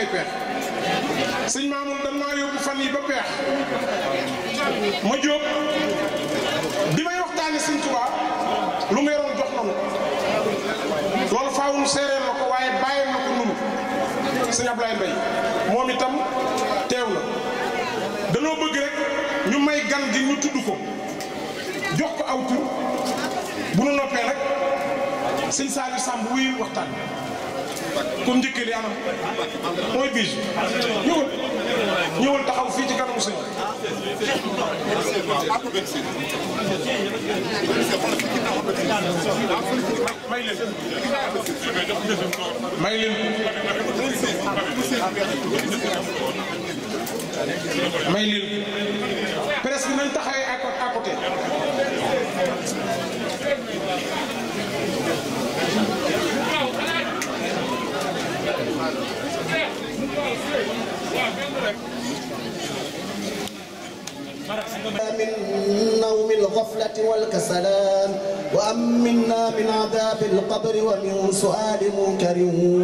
fay peex sëñ yóbbu fan yi ba peex ma jóob bi may waxtaane sëñ Tuubaa lu ma yoroon jox nanu loolu faaw seereel la ko waaye bàyyeel na ko nunu sëñ Ablaye Mbaye moom itam teew na danoo bëgg rek ñu may gan gi ñu tudd ko jox ko aw tur bu nu noppee nag sëñ Saliou Samb wuy waxtaan comme njëkkee li anam mooy biis ñëwal ñëwal taxaw fii ci kanamu sëñ may leen may leen may leen presque nañ taxawee à côté من يوم الغفلة والكسلان وأمنا من عذاب القبر ومن سؤال منكر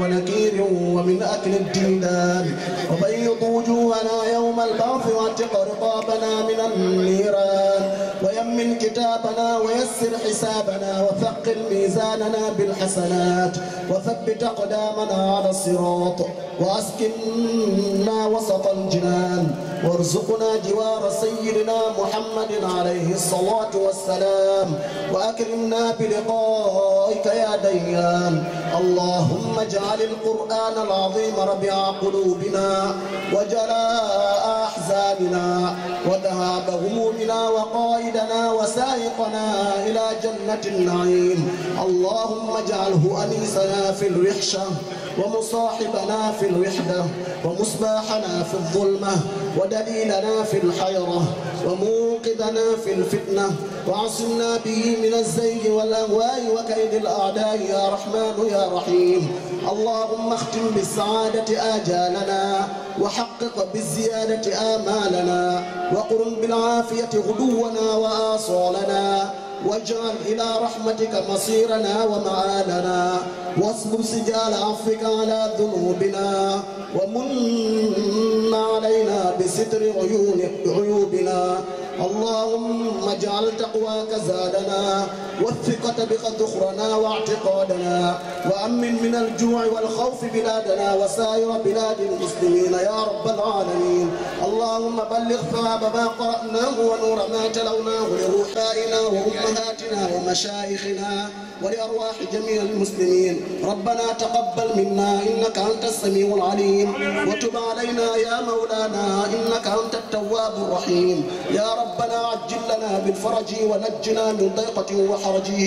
ونكير ومن أكل الدندان وبيض وجوهنا يوم البعث واعتق رقابنا من النيران ويمن كتابنا ويسر حسابنا وثقل ميزاننا بالحسنات وثبت أقدامنا على الصراط وأسكننا وسط الجنان وارزقنا جوار سيدنا محمد عليه الصلاة والسلام وأكرمنا بلقائك رأيت يا ديان اللهم اجعل القرآن العظيم ربيع قلوبنا وجلاء أحزاننا وذهاب همومنا وقائدنا وسائقنا إلى جنة النعيم اللهم اجعله أنيسنا في الوحشة ومصاحبنا في الوحدة ومصباحنا في الظلمة ودليلنا في الحيرة وموقدنا في الفتنة وعصمنا به من الزيج والأهواء وكيد الأعداء يا رحمن يا رحيم اللهم اختم بالسعادة آجالنا وحقق بالزيادة آمالنا وقرم بالعافية غدونا وآصالنا واجعل إلى رحمتك مصيرنا ومعالنا واصبر سجال عفوك على ذنوبنا ومن علينا بستر عيونك عيوبنا اللهم اجعل تقواك زادنا والثقة بك ذخرنا واعتقادنا وأمن من الجوع والخوف بلادنا وسائر بلاد المسلمين يا رب العالمين اللهم بلغ ثواب ما قرأناه ونور ما تلوناه لرحائنا وأمهاتنا ومشايخنا ولأرواح جميع المسلمين ربنا تقبل منا إنك أنت السميع العليم وتب علينا يا مولانا إنك أنت التواب الرحيم يا ربنا عجل لنا بالفرج ونجنا من ضيقة وحرجه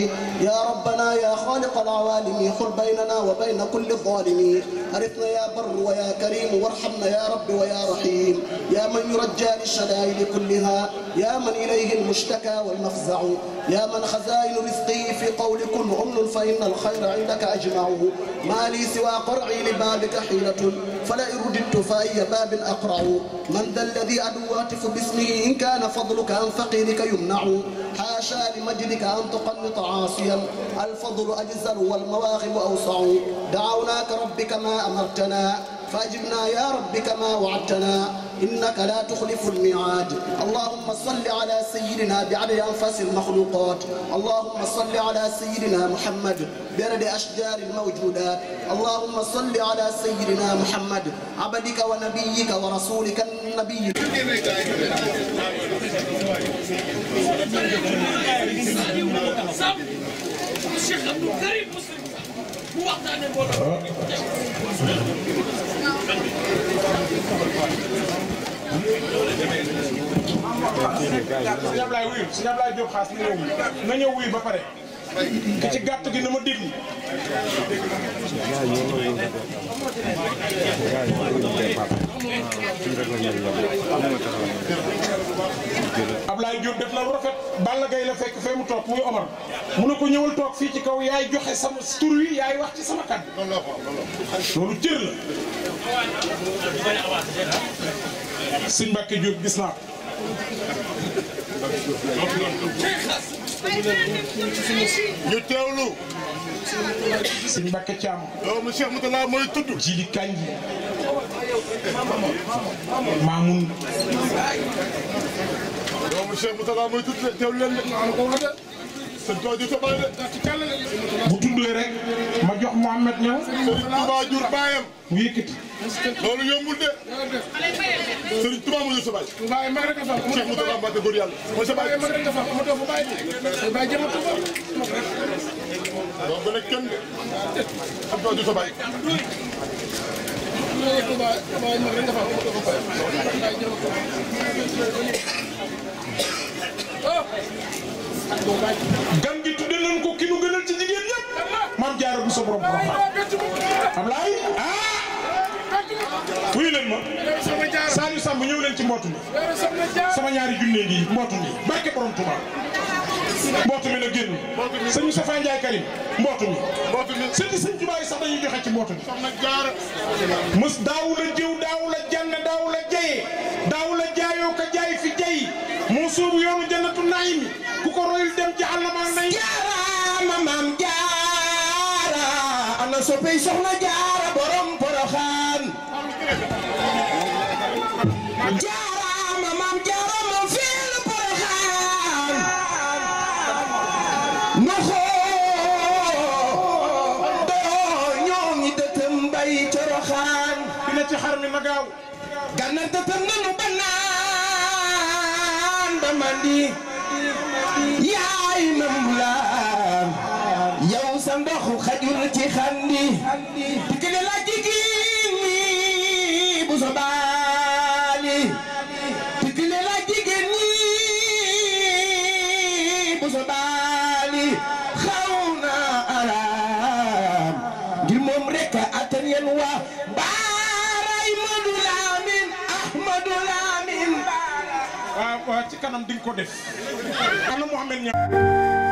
يا ربنا يا خالق العوالم خل بيننا وبين كل الظالمين أرثنا يا بر ويا كريم وارحمنا يا رب ويا رحيم يا من يرجى للشدائد كلها يا من إليه المشتكى والمفزع يا من خزائن رزقه في قولكم كن أمل فإن الخير عندك أجمعه ما لي سوى قرعي لبابك حيلة فلئن رددت فأي باب أقرع من ذا الذي أدواتف باسمه إن كان فضلك عن فقيرك يمنع حاشا لمجدك أن تقنط عاصيا الفضل أجزل والمواهب أوسع دعوناك ربك ما أمرتنا فأجبنا يا رب كما وعدتنا إنك لا تخلف الميعاد اللهم صل على سيدنا بعدد أنفاس المخلوقات اللهم صل على سيدنا محمد برد أشجار الموجودات اللهم صل على سيدنا محمد عبدك ونبيك ورسولك النبي الشيخ عبد الكريم مسلم هو أعطانا sëñ Ablaye wuyu sëñ Ablaye Diop xaas na ñëw wuyu na ñëw wuyu ba pare ki ci gàtt gi na ma déglu Ablaye Diop def na lu rafet Balla Gaye la fekk fee mu toog muy Omar mu na ko ñëwal toog fii ci kaw yaay joxe sama tur wi yaay wax ci sama kàddu loolu cër la Sëñ Mbacke Diop gis naa ko ñu teewlu sëñ Mbacke Thiam. doomu Cheikh Moutalla mooy tudd. Jili Kanji. Mamoun. doomu Cheikh Moutalla mooy tudd teewlu leen sëñ Touba jur sa baay de. bu tuddee rek ma jox Mouhamed ñëw. sëriñ Touba jur baayam. mu yëkkati. loolu yombul de. sëriñ Touba mu jur sa baay. waaye mag rek a faaw. Cheikh Moustapha Mbacké góor yàlla. mooy sa baay mag rek a faaw ma toog fa baay bi. baay jëm a Touba. donc nag kenn de. sëriñ Touba jur sa baay. Oh! gan gi tudde ko ki nu gënal ci jigéen ñëpp maam jaara bu sa borom xam laay ah wuyu leen ma Saliou Samb ñëw leen ci mbootu mi sama ñaari junne gi mbootu mi barke borom Touba mbootu mi la génn sëñ Moustapha Ndiaye Karim mbootu mi sëñ sëñ Jumaa yi sax dañuy joxe ci mbootu mi mës daawu la jëw daawu la jàng daawu la jaye daawu la jaayoo ka jaay fi jayi ku sóobu yoonu jannatu naaymi ku ko royul dem jahannama nay jaara ma maam jaara ana soppey soxna jaara borom poroxaan jaara ma maam jaara moom fii la poroxaan ma xoo doo ñoo ngi dëtëm bay coroxaan dina ci xar mi ma gaaw gànnaar dëtëm nanu banaa mandi yaay mam la yow sa ndoxu xajul ci xandi bu sa baali dikkale la moom rek a attan yéen waa baaray Madu Lamin Ahmadu Lamin waaw ci kanam di nga ko def ana Mouhamed Niang